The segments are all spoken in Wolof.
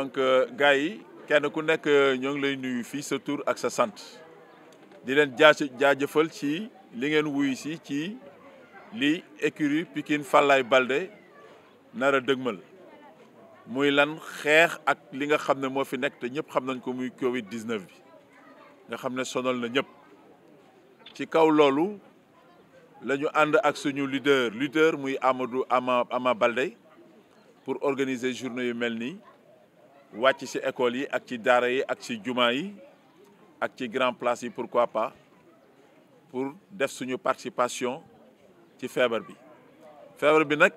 donc euh, gars yi kenn ku nekk euh, ñoo ngi lay nuyu fii sa tour ak sa sant di leen jaajëfal ci li ngeen wuyu si ci li écurie Pikine Falaye balde nar a dëgmal muy lan xeex ak li nga xam ne moo fi nekk te ñëpp xam nañ ko muy Covid 19 bi nga xam ne sonal na ñëpp ci kaw loolu lañu ànd ak suñu leader leader muy Amadou Ama Ama Baldé pour organiser journée yu mel nii. wàcc ci école yi ak ci daara yi ak ci jumaa yi ak ci grand place yi pourquoi pas pour def suñu participation ci feebar bi feebar bi nag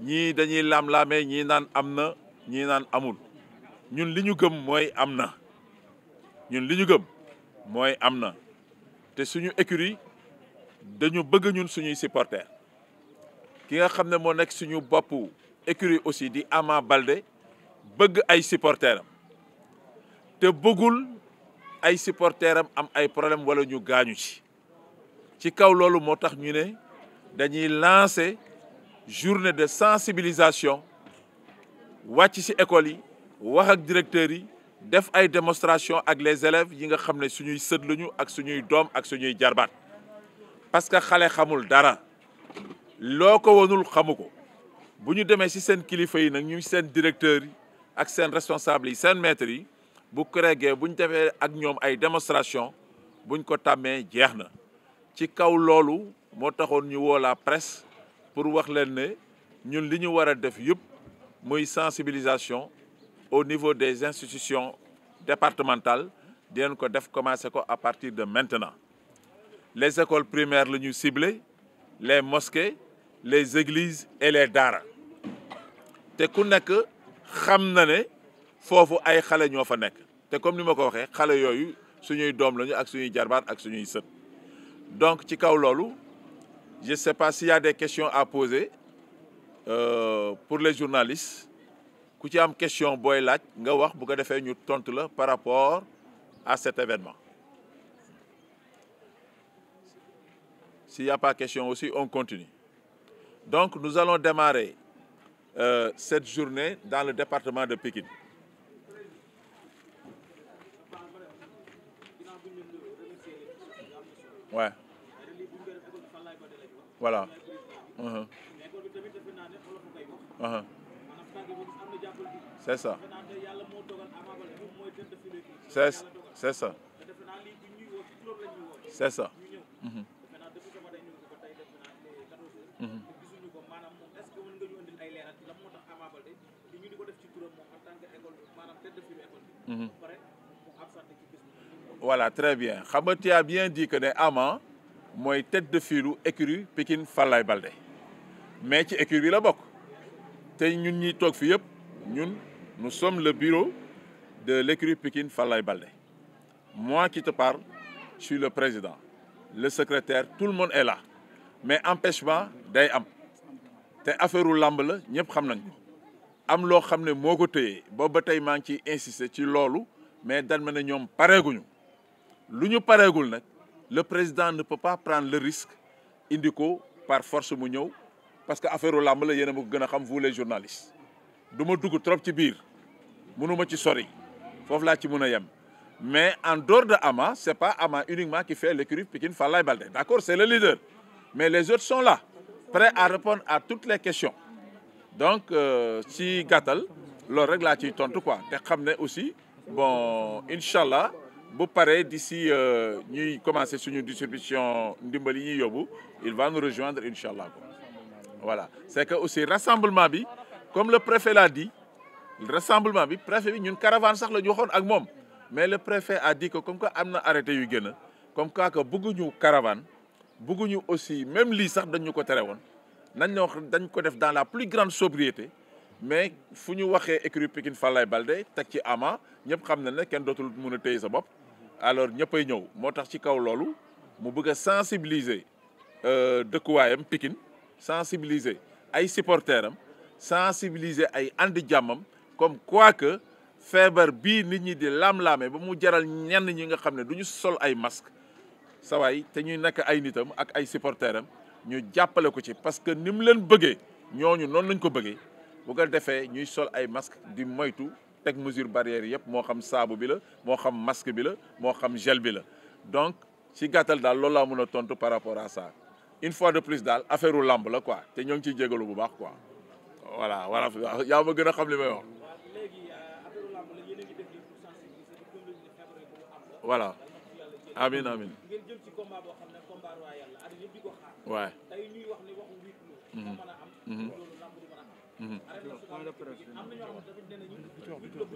ñii dañuy laam-laamee ñii naan am na ñi naan amul ñun li ñu gëm mooy am na ñun li ñu gëm mooy am na te suñu écurie dañu bëgg ñun suñuy supporter ki nga xam ne moo nekk suñu bopp écurie aussi di Ama Baldé bëgg ay supporteram te bëggul ay supporteram am ay problème wala ñu gaañu ci ci kaw loolu moo tax ñu ne dañuy lancer journée de sensibilisation wàcc ci école yi wax ak directeurs yi def ay démonstration ak les élèves yi nga xam ne suñuy sët lañu ak suñuy doom ak suñuy jarbaat parce que xale xamul dara loo ko wanul xamu ko bu ñu demee ci seen kilifa yi nag ñu seen directeurs yi ak seen responsable yi seen maître yi bu CREG bu ñu defee ak ñoom ay démonstration buñ ko tàmmee jeex na ci kaw loolu moo taxoon ñu woo la presse pour wax leen ne ñun li ñu war a def yëpp muy sensibilisation au niveau des institutions départementales dinañ ko def commencé ko à partir de maintenant les écoles primaires la ñu ciblé les mosquées les églises et les daara te ku nekk xam na ne foofu ay xale ñoo fa nekk te comme ni ma ko waxee xale yooyu suñuy doom lañu ak suñuy jarbaat ak suñuy sët donc ci kaw loolu je sais pas s'il y des questions à poser euh, pour les journalistes ku ci am question booy laaj nga wax bu ko defee ñu tontu la par rapport à cet événement s'il y pas question aussi on continue donc nous allons démarrer euh, cette journée dans le département de Pikine. Ouais. Voilà. Uhum. Uhum. C'est ça. C'est c'est ça. C'est ça. Uh-huh. Uh-huh. Mhm. Baldé voilà très bien xam bien dit que ne Ama mooy tête de file écurie Pikine fallay Baldé mais ci écurie bi la bokk te ñun ñi toog fi yëpp ñun nous sommes le bureau de l'écurie Pikine fallay Baldé moi qui te parle je le président le secrétaire tout le monde est là mais empêchement day am te affaire u làmb la ñëpp xam nañ am loo xam ne moo ko téye boobu ba tey maa ngi ciy insister ci loolu mais dan ma ne ñoom pareeguñu lu ñu pareegul nag le président ne peut pas prendre le risque indi ko par force mu ñëw parce que affaire la yéen a ma ko gën a xam vous les journalistes du ma dugg trop ci biir mënu ma ci sori foofu laa ci mën a yem mais en dehors de Ama c'est pas Ama uniquement qui fait l'écurie Pikine Falaye Baldé d'accord c'est le leader mais les autres sont là prêts à répondre à toutes les questions donc euh, si gàttal loolu rek laa ciy tontu quoi te xam ne aussi bon incha allah bu paree d'ici euh, ñuy commencer suñu distribution ndimbal yi ñuy yóbbu il va nous rejoindre incha allah quoi voilà c'est que aussi rassemblement bi comme le préfet l'a di rassemblement bi préfet bi ñun caravan sax la ñu waxoon ak moom mais le préfet a dit que comme que am na arrêté yu gën a comme quoi que bëgguñu caravane bëgguñu aussi même lii sax dañu ko tere woon nañ ne wax dañ ko def dans la plus grande sobriété mais fu ñu waxee écurie Pikine Falaye balde teg ci Ama ñëpp xam na ne kenn dootul mën a téye sa bopp alors ñëppay ñëw moo tax ci kaw loolu mu bëgg a sensibiliser euh, dëkkuwaayam Pikine sensibiliser ay supporteram sensibiliser ay andi jàmmam comme quoi que feebar bii nit ñi di laam-laame ba mu jaral ñenn ñi nga xam ne du ñu sol ay masque sawaay te ñuy nekk ay nitam ak ay supporteram ñu jàppale ko ci parce que ni mu leen bëggee ñooñu noonu lañ ko bëggee bu ko defee ñuy sol ay masque di moytu teg mesure barrière yëpp moo xam saabu bi la moo xam masque bi la moo xam gel bi la donc ci gàttal daal loolu laa mën a tontu par rapport à ça une fois de plus daal affaire u làmb la quoi te ñoo ngi ciy jégalu bu baax quoi voilà voilà yaa ma gën a xam li may wax voilà amiin amiin. ngeen jëm ci combat boo xam ne combat royal tey ñuy wax ne waxu huis moo mhm. mën a am. Mhm. loolu am. Mhm. am na ñu force porte bi dugg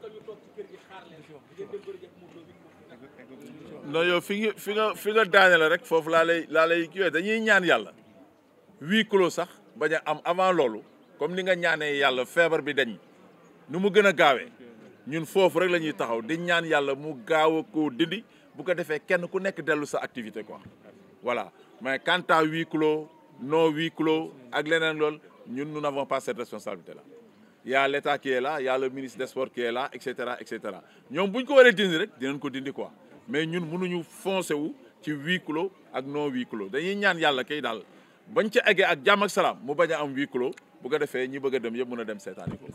ci ñu toog ci kër gi xaar leen ngeen dem yow fi fi nga fi nga daane la rek foofu laa lay laa lay kiiwee dañuy ñaan yàlla huis clos sax bañ a am avant loolu comme ni nga ñaanee yàlla feebar bi dañ nu mu gën a gaawee ñun foofu rek la ñuy taxaw di ñaan yàlla mu gaaw a koo dindi bu ko defee kenn ku nekk dellu sa activité quoi voilà mais quant à huis clos non huis ak leneen lool ñun nous n'avons pas cette responsabilité là y a l'État qui est là y a le ministre des sports qui est là et cetera et cetera ñoom bu ko waree dindi rek dinañ ko dindi quoi mais ñun munuñu foncer wu ci huis clos ak non huis clos dañuy ñaan yàlla kay daal bañ ci eggee ak jàmm ak salaam mu bañ a am huis clos bu ko defee ñi bëgg dem yëpp mën a dem seetaan yi ko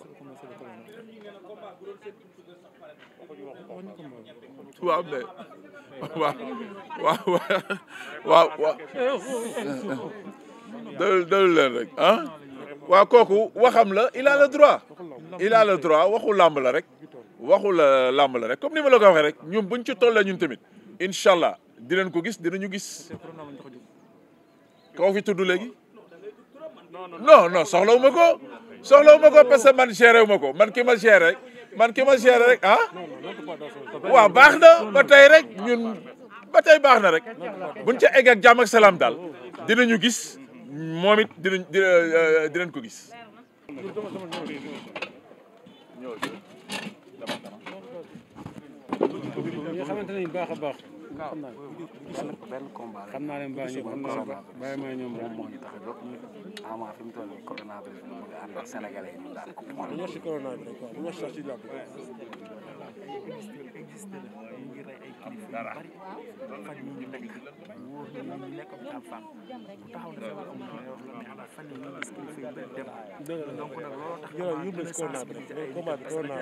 waaw waa waaw waaw waaw dalul dalul leen rek ah waaw kooku waxam la il a le droit il a le droit waxu làmb la rek waxu la làmb la rek comme ni ma ko waxee rek ñun buñ ci tollee ñun tamit incha allah dinañ ko gis ñu gis koo fi tudd léegi no non soxlawu ma ko soxlawu ma ko parce man géré wu ko man ki ma géré rek man ki ma géré rek ah waaw baax na ba tey rek ñun ba tey baax na rek buñ ca egg ak jàmm ak salaam daal dinañu gis moom it dinañ euh, dinañ ko gis xamante nañ xam naa benn benn combat xam naa leen bàyyi ñoom bàyyi ma ñoom rek moo ñu tax a fi mu toll nii ànd ak sénégalais yi ñu daan ko xool. ñu ci corona bi rek waaw ñu ci sax ci làmb. existé na ñu ngi rey ay kilifa yu bari fan yi ñu nekk wóor na ñu nekk am fan bu taxaw na sama am na wax la ne am fan yi ñu gis kilifa yu bari dem donc nag looloo tax ñu gën a sensibiliser ay kilifa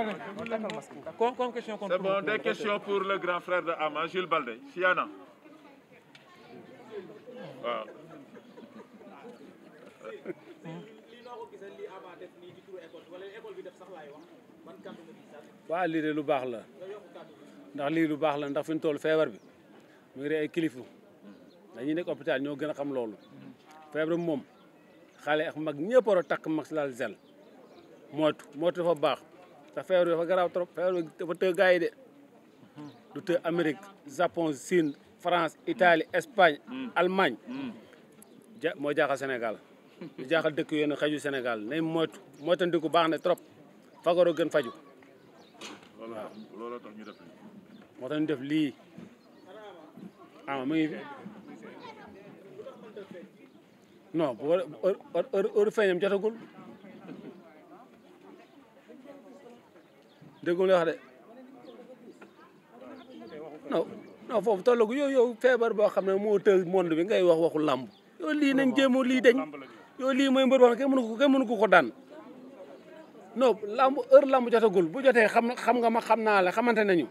yu bari dem bon, comme question contre C'est bon, des questions pour le grand frère de Ama, Jules Baldé. Fiana. waaw. lii de lu baax la ndax lii lu baax la ndax fi ñu toll feebar bi mu rey ay kilifa dañuy nekk hôpital ñoo gën a xam loolu. feebar bi moom xale mag ñëpp war a takk max laal zel moytu moytu dafa baax. te feebar bi dafa garaaw trop feebar bi dafa të gars de mhm. du të Amérique Japon Chine France Italie Espagne mhm. Allemagne mhm. moo jaaxal Sénégal du jaaxal dëkk yoonu xaju Sénégal nañ moytu moytandiku baax na trop fagaru gën faju waaw looloo tax moo tax ñu def lii ah mu ngi fi non bu heure heure feeñam jotagul déggoo li wax de non foofu tollagu yow yow feebar boo xam ne moo tëj monde bi ngay wax waxu làmb yow lii nañ jéem lii dañ yow lii mooy mbër boo xam ne kenn mënu ko ko ko daan non làmb heure làmb bu jotee xam xam nga ma xam naa la xamante nañu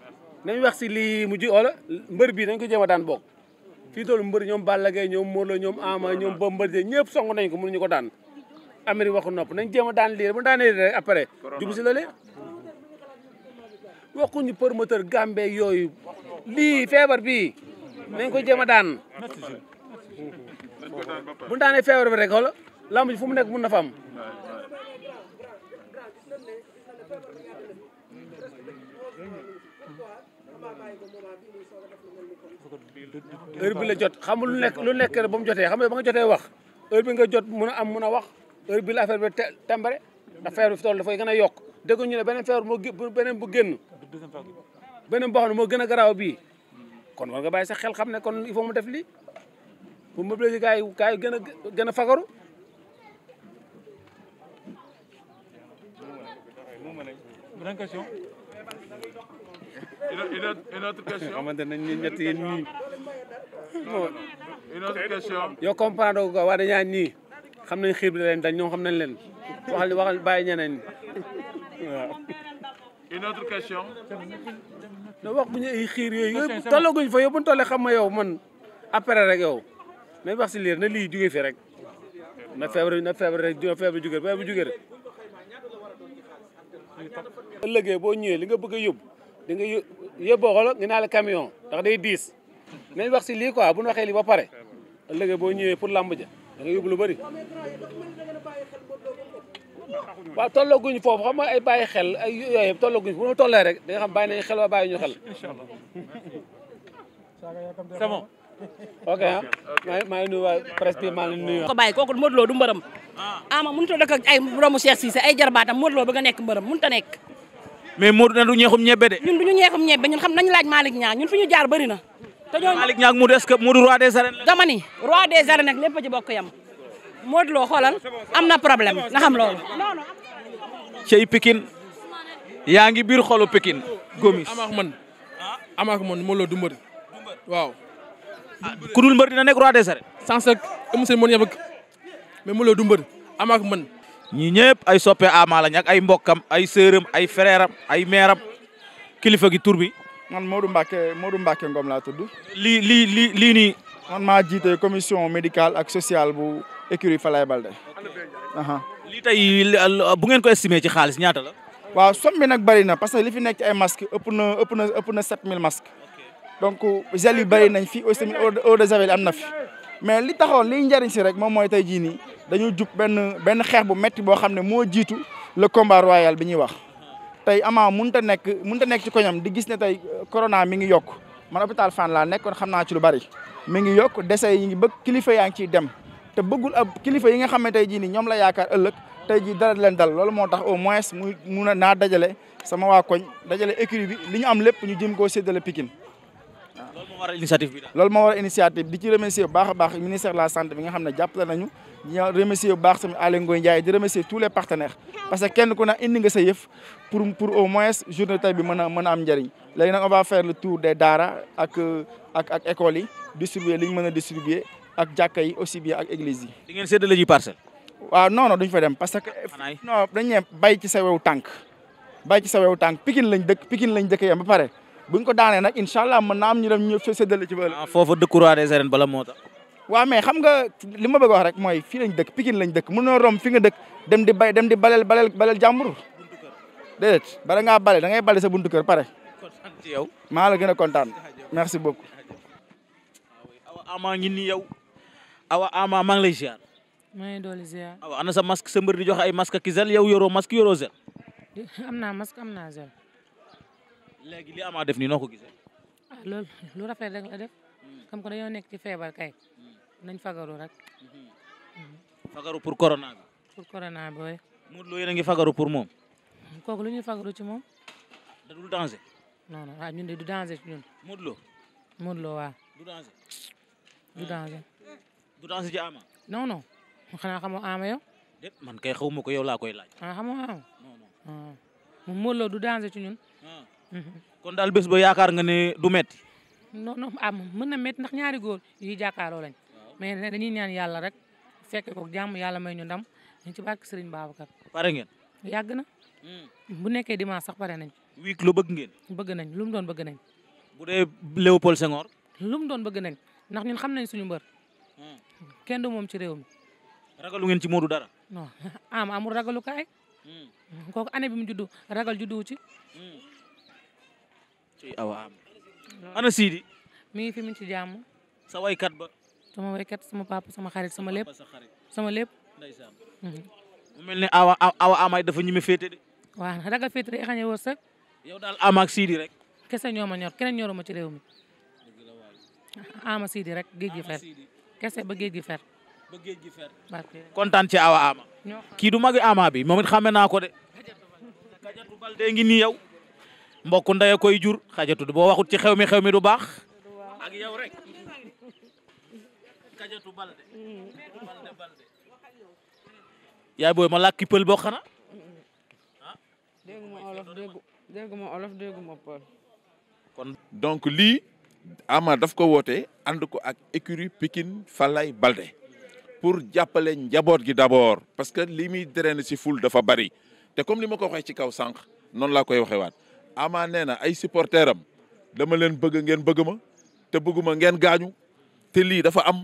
nañ wax si lii mu ji mbër bi nañ ko jéem a daan bok fii toll mbër ñoom Balla Gaye ñoom Modou Lô ñoom Ama ñoom Bombardier ñëpp song nañ ko ñu ko daan Amérique wax nopp nañ jéem a daan lii bu daanee rek après jub si loolee waxuñu promoteur gambe yooyu lii feebar bii nañ ko jéem a daan bu ñu feebar bi rek xoola lamb fu mu nekk mun na fa am heure bi la jot xam lu nekk lu nekk ba mu jotee xam nga ba nga jotee wax heure bi nga jot mun a am mun a wax heure bi la affaire bi tembare ndax feebar fi toll dafay gën a yokk dégg ñu ne beneen feebar moo beneen bu génn deuxième vague bi. beneen boo xam moo gën a garaaw bii kon war nga bàyyi sa xel xam ne kon il faut mu def li pour mobiliser gars yi gars yi gën a gën a fagaru. beneen question. une autre une autre question. ne ñun ñett yéen ñii. une autre xam nañ xiib leen dañ ñoom waxal waxal ñeneen autre question. wax bu ñu ay xiir yooyu yooyu tollaguñ fa yow bu ñu tollee yow man après rek yow mais wax si liir na lii jugee fi rek na feebar na feebar rek na feebar jugee feebar jugee rek. ëllëgee boo ñëwee li nga bëgg a yóbbu di nga yóbboo xool nga naa la camion ndax day diis nañ wax si lii quoi bu waxee lii ba pare ëllëgee boo ñëwee pour làmb ja da nga yóbbu lu bëri. waaw tollaguñu foofu xam ay bàyyi xel ay yooyu yëpp tollaguñu bu tollee rek da xam bàyyi nañ xel waa bàyyi ñu xel c'est bon ok ah maa maa ngi nuyu waa presse kooku Modou Lo du ah. ama mënut a dëkk ak ay doomu Cheikh Cissé ay jarbaatam Modou Lo ba nga nekk mbërëm mënut a nekk mais Modou na du ñeexum ñebe de ñun du ñu ñeexum ñebe xam nañu laaj Malick Niang ñun fi ñu jaar bëri na te ñooñu Malick Niang Modou est-ce que Modou roi bokk yam Modou Lo xoolal am na problème nga xam loolu. cey pikin yaa ngi biir xolu Pikine Gomis amaak man amaak man Modou Lo du mbër waaw. Ah, ku dul mbër dina nekk roi des arènes. sans que monsieur mën yem ak amaak man. ñii ñëpp ay soppe Ama ay mbokkam ay sërëm ay frère ay mère kilifa gi tur bi. man Modou Mbacke Modou Ngom laa tudd. lii lii lii nii man maa jiite commission médical ak social bu écurie Falaye Baldé. lii tey bu ngeen ko estimé ci xaalis ñaata la. waaw somme bi nag bëri na parce que li fi nekk ay masques ëpp na ëpp na ëpp na 7000 masques. donc gel yu nañ fi aussi eau de javel am na fi. mais li taxoon li njëriñ si rek moom mooy tey jii nii dañu jub benn benn xeex bu metti boo xam ne moo jiitu le combat royal bi ñuy wax. tey amaa mun ta nekk mun ta nekk ci koñam di gis ne tey corona mi ngi yokk. man hôpital Fann laa nekkoon xam naa ci lu bari mi ngi yokk décès yi ngi bëgg kilifa yaa ngi ciy dem te bëggul ab kilifa yi nga xam ne tey jii ni ñoom la yaakaar ëllëg tey jii dara leen dal loolu moo tax au moins muy mun a naa dajale sama waa koñ dajale écurie bi li ñu am lépp ñu jëm koo séddale Pikine moo waral initiative bi loolu moo waral initiative di ci remercier bu baax a baax ministère de la santé bi nga xam ne jàppale nañu di remercier bu baax tamit Aly Ngoye Ndiaye di remercier tous les partenaires parce que kenn ku ne indi nga sa yëf pour pour au moins journée tey bi mën a mën a am njëriñ léegi nag on va faire le tour des daara ak ak yi distribuer li ñu mën distribuer ak jàkka yi aussi bien ak église di ngeen séddale ji parcelle. waaw non non duñ fa dem parce que. non bay ci sa wew buñ ko daanee nag incha allah mën naa am ñu dem ñu séddale ci bële. Ah, foofa décourager bala moo tax. waaw mais xam nga li ma bëgg wax rek mooy fii lañ dëkk Pikine lañ dëkk noo rom fi nga dëkk dem di bay dem di balel balel balel jàmbur déedéet bala ngaa bale da bale sa buntu kër pare. yow maa la gën a kontaan merci beaucoup. Ah ngi ni yow awa ama maa ngi lay ziar. maa ngi doon ziar. awa sa masque sa mbër di joxe ay masque ki yow yoroo masque yoroo zel. naa masque léegi li Ama def nii noo ko gisee. Ah, loolu lu rafet rek la def. comme que dañoo nekk ci feebar kay. nañ fagaru rek. Mm-hmm. fagaru pour corona bi. pour corona bi waaye. Modou fagaru pour moom. kooku lu ñuy fagaru ci moom. da dul danger. non a ah ñun de du danger ci ñun. Modou Lo. Modou Lo waaw. du danger. du danger. du danger ci Ama. non non xanaa xamoo Ama yow. déet xaw ma ko yow laa koy laaj. ah, ah. du danger ci ñun. Ah. Mm-hmm. kon daal bés ba yaakaar nga ne du metti non non am mën na métti ndax ñaari goor yuy jàkkaarloo lañ mais dañuy ñaan yàlla rek fekk ko jàmm yàlla ma ñu ndam ñu ci barke Serigne Babacar. pare ngeen. yàgg na. Mm. bu nekkee dimanche sax pare nañ. huis clos bëgg ngeen. bëgg nañ lu mu doon bëgg nañ. bu dee Léopold Senghor. lu doon bëgg nañ ndax ñun xam nañ suñu mbër. Mm. kenn du moom ci réew mi. ragalu ngeen ci Modou dara. non am amul ragalu kaay. Mm. kooku année mu juddu ragal juddu ci. ci awa am ana Sidi. mi ngi fi mu ci jàmm. sa waykat ba. sama waykat sama papa sama xarit sama lépp sama lépp. ndeysaan. Mhm. mel ni awa awa amaay dafa ñime féete de. waaw ragal féete day xañee wërsëg. yow daal ama rek. kese ñoo ma ñor keneen ñoruma ci réew mi. ama Sidi rek géej gi fer. kese ba géej gi fer. ba géej gi kontaan ci awa ama. kii du magi ama bi moom it xame naa ko de. ngi nii yow. mbokku ndey koy jur xajatu boo waxut ci xew mi xew mi du baax ak yow rek xajatu balde balde balde yaay booy ma làkki pël boo xana ah. dégguma olof dégguma olof donc lii ama daf ko woote ànd ko ak écurie Pikine Falaye Baldé pour jàppale njaboot gi d'abord parce que lii li muy na ci foule dafa bari te comme li ma ko waxee ci kaw sànq noonu laa koy waxewaat Ama nee na ay supporteurs am dama leen bëgg ngeen bëgg ma te bëgguma ngeen gaañu te lii dafa am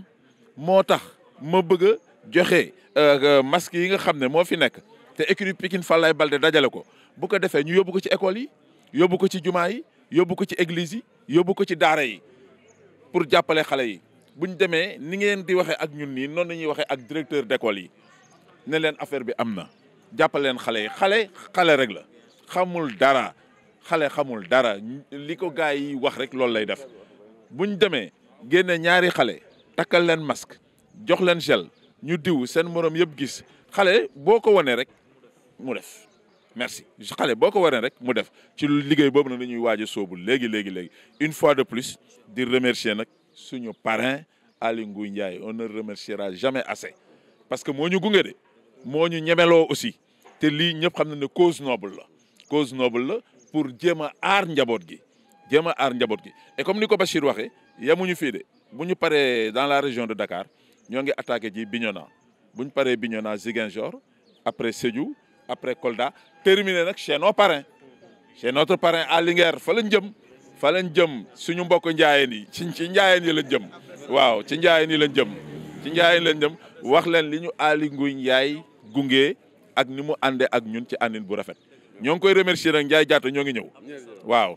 moo tax ma bëgg a joxe euh, euh, masque yi nga xam ne moo fi nekk te écurie Pikine Falaye Baldé dajale ko bu ko defee ñu yóbbu ko ci école yi yóbbu ko ci jumaa yi yóbbu ko ci église yi yóbbu ko ci daara yi pour jàppale xale yi bu ñu demee ni ngeen di waxee ak ñun nii noonu la ñuy waxee ak directeur d'école yi ne leen affaire bi am na jàppale leen xale yi xale xale rek la xamul dara. xale xamul dara li ko gars yi wax rek loolu lay def buñ demee génne ñaari xale takkal leen masque jox leen gel ñu diw seen morom yëpp gis xale boo ko wanee rek mu def merci xale boo ko wanee rek mu def ci liggéey boobu nag la ñuy waaj a sóobu léegi léegi léegi une fois de plus di remercier nag suñu parent Aly Ngouille Ndiaye on ne remerciera jamais assez parce que moo ñu gunge de moo ñu ñemeloo aussi te lii ñëpp xam na ne cause noble la cause noble la pour jéem a aar njaboot gi jéem a aar njaboot gi et comme ni ko Bachir waxee yemuñu fii de mu ñu paree dans la région de Dakar ñoo ngi attaqué ji Bignona bu ñu paree Bignona Ziguinchor après Sédhiou après Kolda terminé nag chez nos parrains chez notre parrain à Linguère fa lañ jëm fa lañ jëm suñu mbokk njaayeen yi ci ci njaayeen yi lañ jëm waaw ci njaayeen yi lañ jëm ci njaayeen lañ wax leen li ñu Aly Ngouille Ndiaye gunge ak ni mu àndee ak ñun ci àndin bu rafet ñoo ngi koy remercier nag Ndiaye Diatta ñoo ngi ñëw waaw.